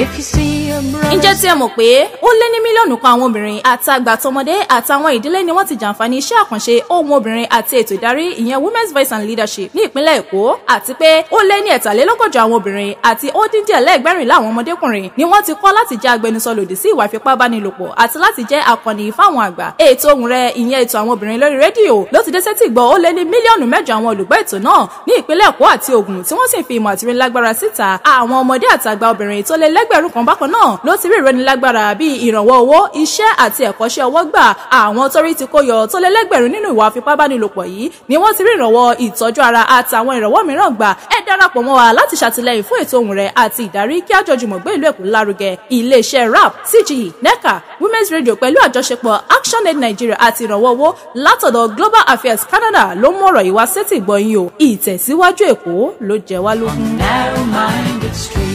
ǹjẹ́ tí ẹ mọ̀ pé ó lé ní mílíọ̀nù kan àwọn obìnrin àtàgbà tọmọdé àtàwọn ìdílé ni wọ́n ti jàǹfààní iṣẹ́ àkànṣe ohun obìnrin àti ètò ìdarí ìyẹn women's voice and leadership ní ìpínlẹ̀ èkó àti pé ó lé ní ẹ̀tàlélọ́gọ́jọ àwọn obìnrin àti ó dín díẹ̀ lẹ́gbẹ̀rìn láwọn ọmọdékùnrin ni wọ́n ti kọ́ láti jẹ́ agbẹnusọ lòdì sí ìwà ìfipábánilòpọ̀ àti láti jẹ́ akọni fáwọn àgbà ètò ohùn rẹ̀ ìyẹn ètò àwọn obìnrin lórí rédíò ló ti dé sétí ìgbọ́ ó lé ní mílíọ̀nù mẹ́jọ àwọn olùgbọ́ ètò náà ní ìpínlẹ̀ èkó àti ògùn tí wọ́n sì fi ìmọ̀ àtìrìn lágbára síta àwọn ọmọdé àtàgbà obìnrin tó lé lẹ́g ẹgbẹ̀rún kan bákan náà ló ti rí ìrónilágbára bíi ìrànwọ́ owó iṣẹ́ àti ẹ̀kọ́ṣẹ́ ọwọ́ gbà àwọn torí ti kó yọ tó lé lẹ́gbẹ̀rún nínú ìwà àfipábánilòpọ̀ yìí ni wọ́n ti rí ìrànwọ́ ìtọ́jú ara àtàwọn ìrànwọ́ mìíràn gbà ẹ darapọ̀ mọ́ wa láti ṣàtìlẹ́yìn fún ètò ohùn rẹ̀ àti ìdarí kí àjọjùmọ̀ gbé ìlú Èkó lárugẹ iléeṣẹ́ rap CG. E, NECA Women's Radio pẹ̀lú àjọṣepọ̀ ActionAid Nigeria àti ìrànwọ́ owó látọ̀dọ̀ Global Affairs Canada ló mú ọ̀rọ̀ yìí wá sétì gbọ̀nyìn o ìtẹ̀síwájú Èkó ló jẹ wá lógún. narrow-minded street.